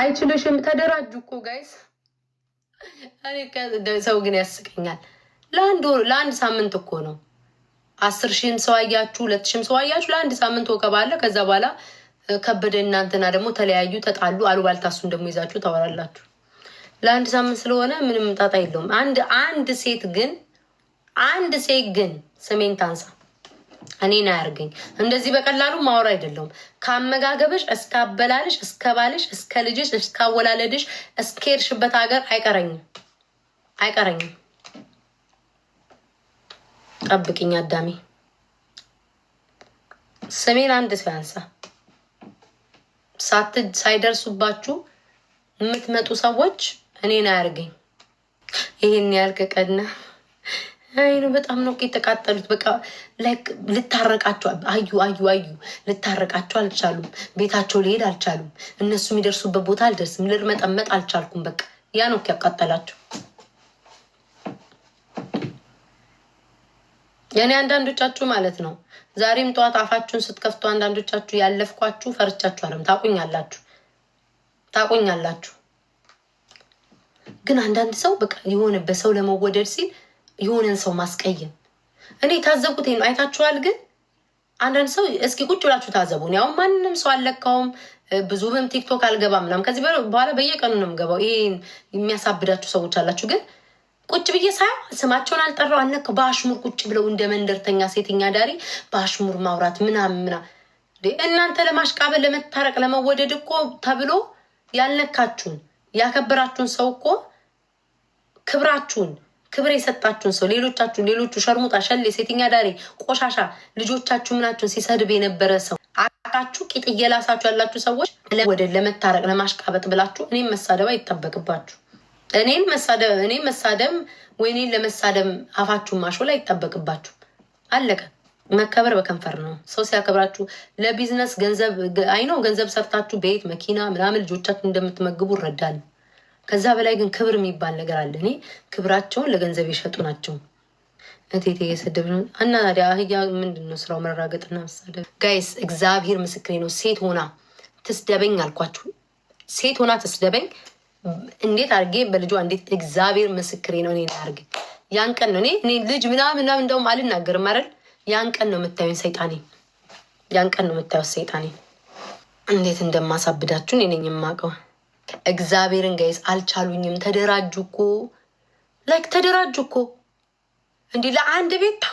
አይችልሽም። ተደራጁ እኮ ጋይስ። ሰው ግን ያስቀኛል። ለአንድ ሳምንት እኮ ነው። አስር ሺህም ሰው አያችሁ፣ ሁለት ሺህም ሰው አያችሁ። ለአንድ ሳምንት ወከባ አለ። ከዛ በኋላ ከበደ እናንተና ደግሞ ተለያዩ፣ ተጣሉ፣ አሉባልታ እሱን ደግሞ ይዛችሁ ታወራላችሁ። ለአንድ ሳምንት ስለሆነ ምንም ጣጣ የለውም። አንድ አንድ ሴት ግን አንድ ሴት ግን ስሜን ታንሳ እኔን አያርገኝ። እንደዚህ በቀላሉ ማወራ አይደለውም። ከአመጋገብሽ እስከ አበላልሽ፣ እስከ ባልሽ፣ እስከ ልጅሽ፣ እስከ አወላለድሽ፣ እስከ ሄድሽበት ሀገር አይቀረኝም አይቀረኝም። ጠብቅኝ አዳሜ። ስሜን አንድ ሰው ያንሳ። ሳይደርሱባችሁ የምትመጡ ሰዎች እኔን አያርገኝ። ይህን ያልከቀድና አይ በጣም ነው የተቃጠሉት። በቃ ላይክ ልታረቃቸው አዩ አዩ አዩ ልታረቃቸው አልቻሉም። ቤታቸው ሊሄድ አልቻሉም። እነሱ የሚደርሱበት ቦታ አልደርስም። ልርመጠመጥ አልቻልኩም። በቃ ያ ነው ያቃጠላቸው። የእኔ አንዳንዶቻችሁ ማለት ነው ዛሬም ጠዋት አፋችሁን ስትከፍቱ አንዳንዶቻችሁ ያለፍኳችሁ ፈርቻችሁ አለም ታቁኛላችሁ፣ ታቁኛላችሁ። ግን አንዳንድ ሰው በቃ የሆነ በሰው ለመወደድ ሲል የሆነን ሰው ማስቀየም እኔ ታዘብኩት። ይሄን አይታችኋል። ግን አንዳንድ ሰው እስኪ ቁጭ ብላችሁ ታዘቡ። እኔ ማንም ሰው አልለካውም፣ ብዙም ቲክቶክ አልገባም ምናምን። ከዚህ በኋላ በየቀኑ ነው የምገባው። ይህን የሚያሳብዳችሁ ሰዎች አላችሁ። ግን ቁጭ ብዬ ሳይ ስማቸውን አልጠራው አነክ በአሽሙር ቁጭ ብለው እንደ መንደርተኛ ሴተኛ አዳሪ በአሽሙር ማውራት ምናምን ምናምን። እናንተ ለማሽቃበል ለመታረቅ፣ ለመወደድ እኮ ተብሎ ያልነካችሁን ያከበራችሁን ሰው እኮ ክብራችሁን ክብር የሰጣችሁን ሰው ሌሎቻችሁን ሌሎቹ ሸርሙጣ፣ ሸሌ፣ ሴተኛ ዳሪ፣ ቆሻሻ ልጆቻችሁ ምናችሁን ሲሰድብ የነበረ ሰው አቃታችሁ ቂጥ እየላሳችሁ ያላችሁ ሰዎች ወደ ለመታረቅ ለማሽቃበጥ ብላችሁ እኔም መሳደብ አይጠበቅባችሁ። እኔን መሳደብ መሳደም ወይ እኔን ለመሳደም አፋችሁ ላይ አይጠበቅባችሁ። አለቀ። መከበር በከንፈር ነው። ሰው ሲያከብራችሁ ለቢዝነስ ገንዘብ አይነው ገንዘብ ሰርታችሁ ቤት መኪና ምናምን ልጆቻችሁ እንደምትመግቡ እረዳለሁ። ከዛ በላይ ግን ክብር የሚባል ነገር አለ። እኔ ክብራቸውን ለገንዘብ የሸጡ ናቸው። እቴቴ እየሰደብ ነው እና ታዲያ አህያ ምንድን ነው ስራው? መረጋገጥና መሳደብ። ጋይስ እግዚአብሔር ምስክሬ ነው። ሴት ሆና ትስደበኝ አልኳችሁ። ሴት ሆና ትስደበኝ እንዴት አድርጌ በልጇ እንዴት እግዚአብሔር ምስክሬ ነው። እኔ አድርጌ ያን ቀን ነው እኔ እኔ ልጅ ምናምን ምናምን እንደውም አልናገርም አይደል? ያን ቀን ነው የምታዩን ሰይጣኔ፣ ያን ቀን ነው የምታዩት ሰይጣኔ። እንዴት እንደማሳብዳችሁ እኔ ነኝ የማውቀው። እግዚአብሔርን ጋይስ አልቻሉኝም። ተደራጁ እኮ ላይክ ተደራጁ እኮ እንዲህ ለአንድ ቤታ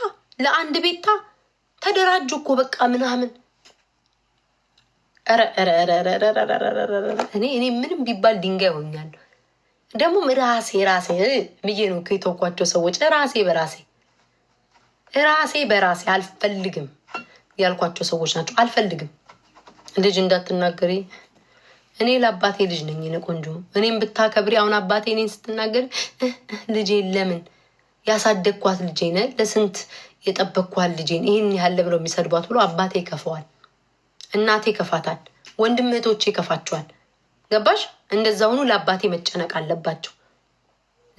ለአንድ ቤታ ተደራጁ እኮ በቃ ምናምን እኔ እኔ ምንም ቢባል ድንጋይ ሆኛለሁ። ደግሞም ራሴ ራሴ ብዬ ነው የተውኳቸው ሰዎች ራሴ በራሴ ራሴ በራሴ አልፈልግም ያልኳቸው ሰዎች ናቸው። አልፈልግም ልጅ እንዳትናገሪ እኔ ለአባቴ ልጅ ነኝ ነ ቆንጆ እኔም ብታከብሪ። አሁን አባቴ እኔን ስትናገር ልጄ ለምን ያሳደግኳት ልጄ ነ ለስንት የጠበቅኳት ልጄን ይህን ያለ ብለው የሚሰድቧት ብሎ አባቴ ይከፈዋል፣ እናቴ ይከፋታል፣ ወንድም እህቶቼ ይከፋቸዋል። ገባሽ? እንደዛ ሆኑ ለአባቴ መጨነቅ አለባቸው።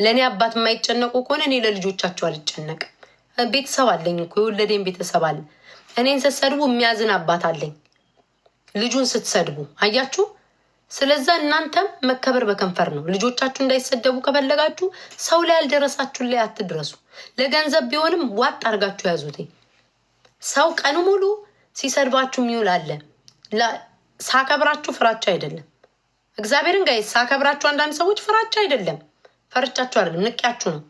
ለእኔ አባት የማይጨነቁ ከሆነ እኔ ለልጆቻቸው አልጨነቅም። ቤተሰብ አለኝ እኮ የወለደኝ ቤተሰብ አለ። እኔን ስትሰድቡ የሚያዝን አባት አለኝ። ልጁን ስትሰድቡ አያችሁ ስለዛ እናንተም መከበር በከንፈር ነው። ልጆቻችሁ እንዳይሰደቡ ከፈለጋችሁ ሰው ላይ ያልደረሳችሁ ላይ አትድረሱ። ለገንዘብ ቢሆንም ዋጥ አድርጋችሁ ያዙት። ሰው ቀኑ ሙሉ ሲሰድባችሁ የሚውል አለ። ሳከብራችሁ ፍራቻ አይደለም። እግዚአብሔርን ጋይ ሳከብራችሁ አንዳንድ ሰዎች ፍራቻ አይደለም፣ ፈርቻችሁ አይደለም፣ ንቅያችሁ ነው።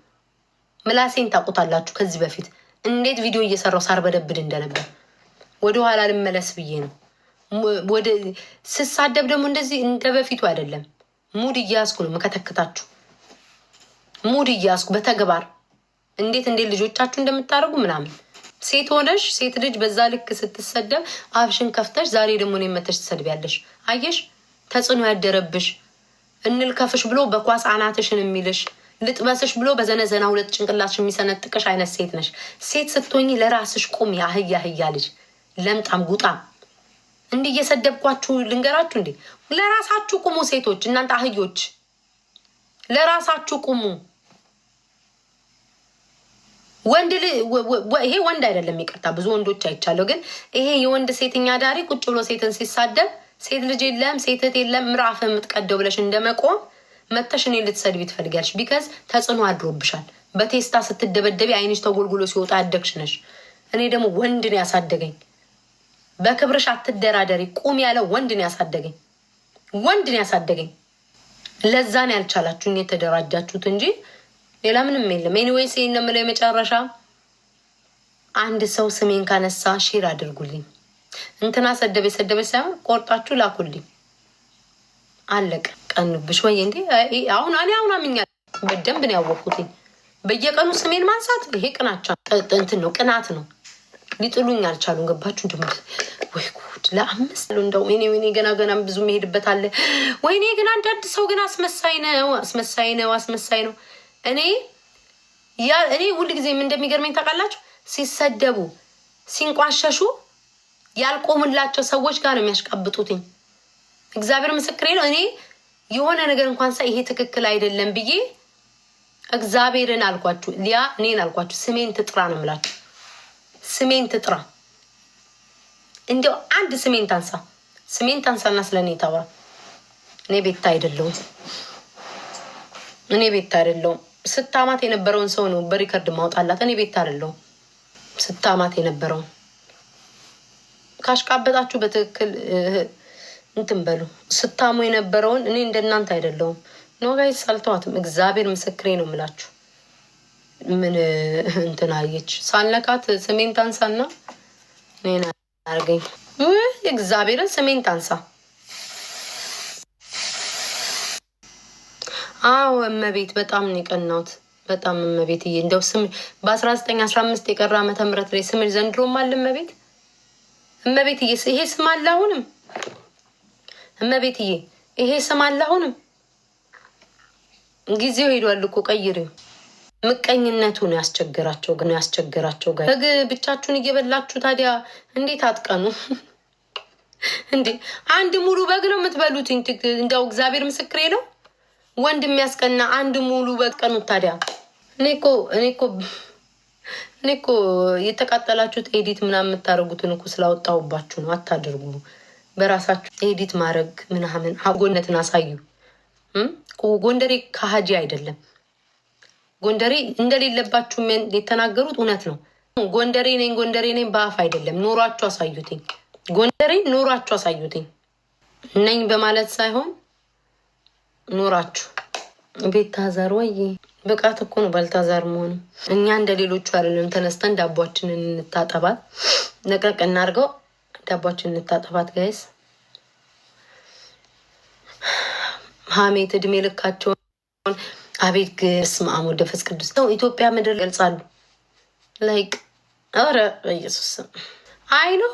ምላሴን ታውቁታላችሁ። ከዚህ በፊት እንዴት ቪዲዮ እየሰራው ሳር በደብድ እንደነበር ወደኋላ ልመለስ ብዬ ነው። ወደ ስሳደብ ደግሞ እንደዚህ እንደ በፊቱ አይደለም። ሙድ እያያዝኩ ነው መከተክታችሁ፣ ሙድ እያያዝኩ በተግባር እንዴት እንዴት ልጆቻችሁ እንደምታደርጉ ምናምን። ሴት ሆነሽ ሴት ልጅ በዛ ልክ ስትሰደብ አፍሽን ከፍተሽ ዛሬ ደግሞ እኔን መተሽ ትሰድቢያለሽ። አየሽ ተጽዕኖ ያደረብሽ እንልከፍሽ ብሎ በኳስ አናትሽን የሚልሽ ልጥበስሽ ብሎ በዘነዘና ሁለት ጭንቅላትሽ የሚሰነጥቅሽ አይነት ሴት ነሽ። ሴት ስትሆኝ ለራስሽ ቁሚ። አህያ አህያ ልጅ ለምጣም ጉጣም እንዲህ እየሰደብኳችሁ ልንገራችሁ እንዴ? ለራሳችሁ ቁሙ ሴቶች፣ እናንተ አህዮች፣ ለራሳችሁ ቁሙ። ወንድ ይሄ ወንድ አይደለም፣ ይቅርታ፣ ብዙ ወንዶች አይቻለሁ። ግን ይሄ የወንድ ሴተኛ ዳሪ ቁጭ ብሎ ሴትን ሲሳደብ ሴት ልጅ የለም ሴት እህት የለም ምራፍ የምትቀደው ብለሽ እንደመቆም መተሽ እኔ ልትሰድቢ ትፈልጊያለሽ። ቢከዝ ተጽዕኖ አድሮብሻል። በቴስታ ስትደበደቢ አይንሽ ተጎልጉሎ ሲወጣ ያደግሽ ነሽ። እኔ ደግሞ ወንድ ያሳደገኝ በክብርሽ አትደራደሪ። ቁም ያለ ወንድ ነው ያሳደገኝ፣ ወንድ ነው ያሳደገኝ። ለዛ ነው ያልቻላችሁኝ የተደራጃችሁት እንጂ ሌላ ምንም የለም። ኤኒዌይስ ይህን የምለው የመጨረሻ አንድ ሰው ስሜን ካነሳ ሼር አድርጉልኝ። እንትና ሰደበ ሰደበ ሳይሆን ቆርጣችሁ ላኩልኝ። አለቀ። ቀንብሽ ወይ እንዴ? አሁን እኔ አሁን አምኛለሁ። በደንብ ነው ያወቅኩትኝ። በየቀኑ ስሜን ማንሳት ይሄ ቅናቻ እንትን ነው፣ ቅናት ነው። ሊጥሉኝ አልቻሉም። ገባችሁ? እንደ ወይ ጉድ ለአምስት ሉ እንደው እኔ ወይኔ ገና ገና ብዙ መሄድበት አለ። ወይኔ ግን አንዳንድ ሰው ግን አስመሳይ ነው፣ አስመሳይ ነው፣ አስመሳይ ነው። እኔ ያ እኔ ሁል ጊዜም እንደሚገርመኝ ታውቃላችሁ፣ ሲሰደቡ ሲንቋሸሹ ያልቆሙላቸው ሰዎች ጋር ነው የሚያሽቃብጡትኝ። እግዚአብሔር ምስክሬ ነው። እኔ የሆነ ነገር እንኳን ሳይ ይሄ ትክክል አይደለም ብዬ እግዚአብሔርን አልኳችሁ፣ ሊያ እኔን አልኳችሁ፣ ስሜን ትጥራ ነው የምላችሁ ስሜን ትጥራ። እንዲያው አንድ ስሜን ታንሳ፣ ስሜን ታንሳና ስለ እኔ ታውራ። እኔ ቤታ አይደለሁም፣ እኔ ቤታ አይደለሁም። ስታማት የነበረውን ሰው ነው በሪከርድ ማውጣላት። እኔ ቤታ አይደለሁም፣ ስታማት የነበረውን ካሽቃበጣችሁ በትክክል እንትን በሉ። ስታሙ የነበረውን እኔ እንደናንተ አይደለሁም። ኖጋይ ጋይስ እግዚአብሔር ምስክሬ ነው የምላችሁ። ምን እንትን አየች ሳለካት ስሜን ታንሳና ኔን አርገኝ እግዚአብሔርን ስሜን ታንሳ። አዎ እመቤት በጣም ነው የቀናሁት። በጣም እመቤት እዬ እንደው ስም በአስራ ዘጠኝ አስራ አምስት የቀረ ዓመተ ምህረት ላይ ስምሽ ዘንድሮም አለ እመቤት እመቤት እዬ ይሄ ስም አለ አሁንም። እመቤት እዬ ይሄ ስም አለ አሁንም። ጊዜው ሄዷል እኮ ቀይሪው። ምቀኝነቱ ነው ያስቸግራቸው ነው ያስቸግራቸው ጋር በግ ብቻችሁን እየበላችሁ ታዲያ እንዴት አትቀኑ እንዴ? አንድ ሙሉ በግ ነው የምትበሉት? እንዲያው እግዚአብሔር ምስክሬ ነው። ወንድ የሚያስቀና አንድ ሙሉ በግ ቀኑት። ታዲያ እኔ እኮ እኔ እኮ እኔ እኮ የተቃጠላችሁት ኤዲት ምናምን የምታደርጉትን እኮ ስላወጣሁባችሁ ነው። አታደርጉ በራሳችሁ ኤዲት ማድረግ ምናምን ጎነትን አሳዩ። ጎንደሬ ከሀጂ አይደለም ጎንደሬ እንደሌለባችሁ የተናገሩት እውነት ነው። ጎንደሬ ነኝ ጎንደሬ ነኝ በአፍ አይደለም፣ ኖሯችሁ አሳዩትኝ። ጎንደሬ ኖሯችሁ አሳዩትኝ ነኝ በማለት ሳይሆን ኖራችሁ ቤታዛር ወይ ብቃት እኮ ነው ባልታዛር መሆኑ። እኛ እንደ ሌሎቹ አይደለም ተነስተን ዳቧችንን እንታጠባት ነቀቅ እናርገው፣ ዳቧችንን እንታጠባት ጋይስ። ሀሜት እድሜ ልካቸውን አቤት ግስም አብ ወልድ ቅዱስ ነው። ኢትዮጵያ ምድር ይገልጻሉ። ላይክ ኧረ በኢየሱስ አይኖ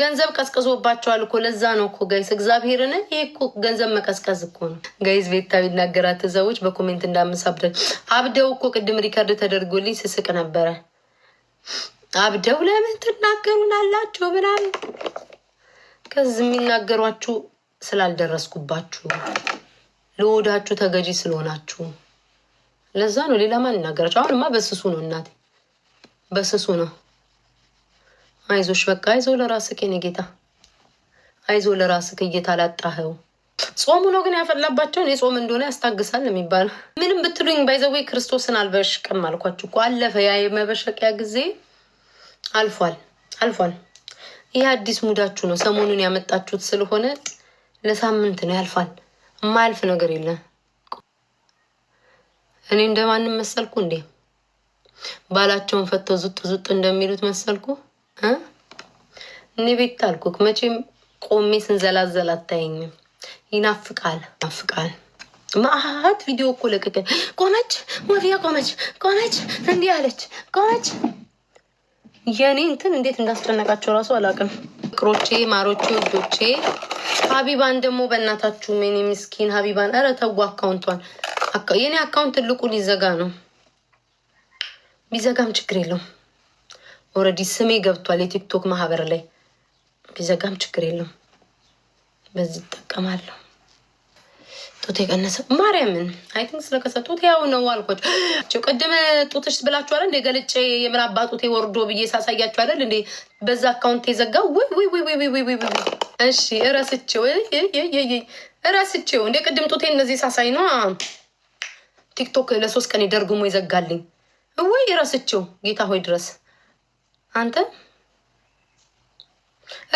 ገንዘብ ቀዝቅዞባቸዋል እኮ ለዛ ነው እኮ ጋይስ፣ እግዚአብሔርን ይሄ እኮ ገንዘብ መቀዝቀዝ እኮ ነው ጋይዝ። ቤታ ቢናገራት ሰዎች በኮሜንት እንዳምሳብደል አብደው እኮ ቅድም ሪከርድ ተደርጎልኝ ስስቅ ነበረ። አብደው ለምን ትናገሩን አላቸው ምናምን ከዚህ የሚናገሯችሁ ስላልደረስኩባችሁ ለወዳችሁ ተገዢ ስለሆናችሁ ለዛ ነው። ሌላ ማን ይናገራችሁ? አሁንማ በስሱ ነው እናቴ፣ በስሱ ነው። አይዞሽ በቃ አይዞ ለራስህ የኔ ጌታ፣ አይዞ ለራስህ ጌታ። ላጣኸው ጾሙ ነው ግን ያፈላባቸውን የጾም እንደሆነ ያስታግሳል የሚባለው ምንም ብትሉኝ ባይዘዌ ክርስቶስን አልበሽቅም አልኳችሁ እኮ አለፈ። ያ የመበሸቂያ ጊዜ አልፏል፣ አልፏል። ይህ አዲስ ሙዳችሁ ነው ሰሞኑን ያመጣችሁት ስለሆነ ለሳምንት ነው ያልፋል። ማያልፍ ነገር የለም። እኔ እንደማንም መሰልኩ እንዴ? ባላቸውን ፈተው ዙጥ ዙጥ እንደሚሉት መሰልኩ? እኔ ቤት ታልኩክ። መቼም ቆሜ ስንዘላዘል አታየኝም። ይናፍቃል ናፍቃል ማአት ቪዲዮ እኮ ለቀቀ። ቆመች ወፊያ፣ ቆመች ቆመች እንዲህ አለች ቆመች። የእኔ እንትን እንዴት እንዳስጨነቃቸው እራሱ አላውቅም። ፍቅሮቼ፣ ማሮቼ፣ ውዶቼ ሀቢባን ደግሞ በእናታችሁ ምን ምስኪን ሀቢባን፣ ኧረ ተው አካውንቷን። የኔ አካውንት ትልቁ ሊዘጋ ነው። ቢዘጋም ችግር የለውም። ኦልሬዲ ስሜ ገብቷል የቲክቶክ ማህበር ላይ። ቢዘጋም ችግር የለውም። በዚህ እጠቀማለሁ። ጡት የቀነሰ ማርያምን አይ ቲንክ ስለቀሰ ጡት ያው ነው አልኮች ቸው ቅድም ጡትሽ ብላችኋል እንደ ገልጭ የምን አባ ጡቴ ወርዶ ብዬ ሳሳያችኋል እንዴ በዛ አካውንት የዘጋው ወይ እሺ እረስቼው እረስቼው እንደ ቅድም ጡቴ እነዚህ ሳሳይ ነው ቲክቶክ ለሶስት ቀን ደርግሞ ይዘጋልኝ ወይ እረስቼው ጌታ ሆይ ድረስ አንተ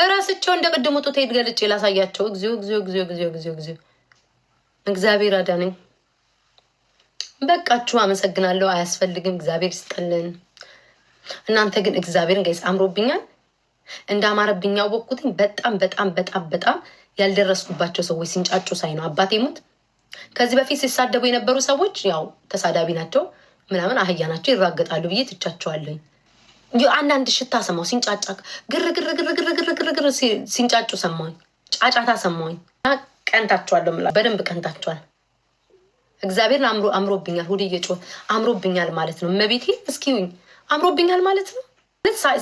እረስቼው እንደ ቅድሙ ጡቴ ገልጭ ላሳያቸው እግዚኦ እግዚኦ እግዚኦ እግዚኦ እግዚኦ እግዚአብሔር አዳነኝ። በቃችሁ። አመሰግናለሁ። አያስፈልግም። እግዚአብሔር ይስጠልን። እናንተ ግን እግዚአብሔርን ጋይስ አምሮብኛል። እንዳማረብኝ ያወቅኩትኝ በጣም በጣም በጣም በጣም ያልደረስኩባቸው ሰዎች ሲንጫጩ ሳይ ነው። አባቴ ሙት ከዚህ በፊት ሲሳደቡ የነበሩ ሰዎች ያው ተሳዳቢ ናቸው ምናምን አህያ ናቸው ይራገጣሉ ብዬ ትቻቸዋለኝ። አንዳንድ ሽታ ሰማሁ ሲንጫጫ ግርግርግርግርግርግር ሲንጫጩ ሰማኝ ጫጫታ ሰማኝ ቀንታችኋል፣ ምላ በደንብ ቀንታችኋል። እግዚአብሔርን አምሮ አምሮብኛል፣ ሁድ እየጮ አምሮብኛል ማለት ነው። መቤቴ እስኪውኝ አምሮብኛል ማለት ነው።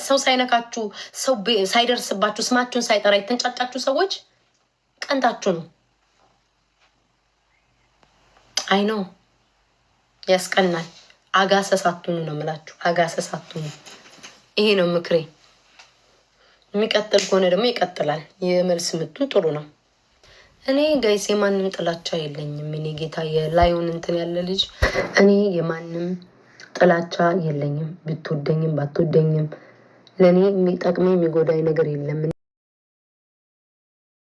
ሰው ሳይነካችሁ ሰው ሳይደርስባችሁ ስማችሁን ሳይጠራ የተንጫጫችሁ ሰዎች ቀንታችሁ ነው። አይ ነው ያስቀናል። አጋሰሳቱኑ ነው ምላችሁ። አጋሰሳቱኑ። ይሄ ነው ምክሬ። የሚቀጥል ከሆነ ደግሞ ይቀጥላል። የመልስ ምቱን ጥሩ ነው። እኔ ጋይስ የማንም ጥላቻ የለኝም። እኔ ጌታ የላዩን እንትን ያለ ልጅ እኔ የማንም ጥላቻ የለኝም። ብትወደኝም ባትወደኝም ለእኔ የሚጠቅመኝ የሚጎዳኝ ነገር የለም።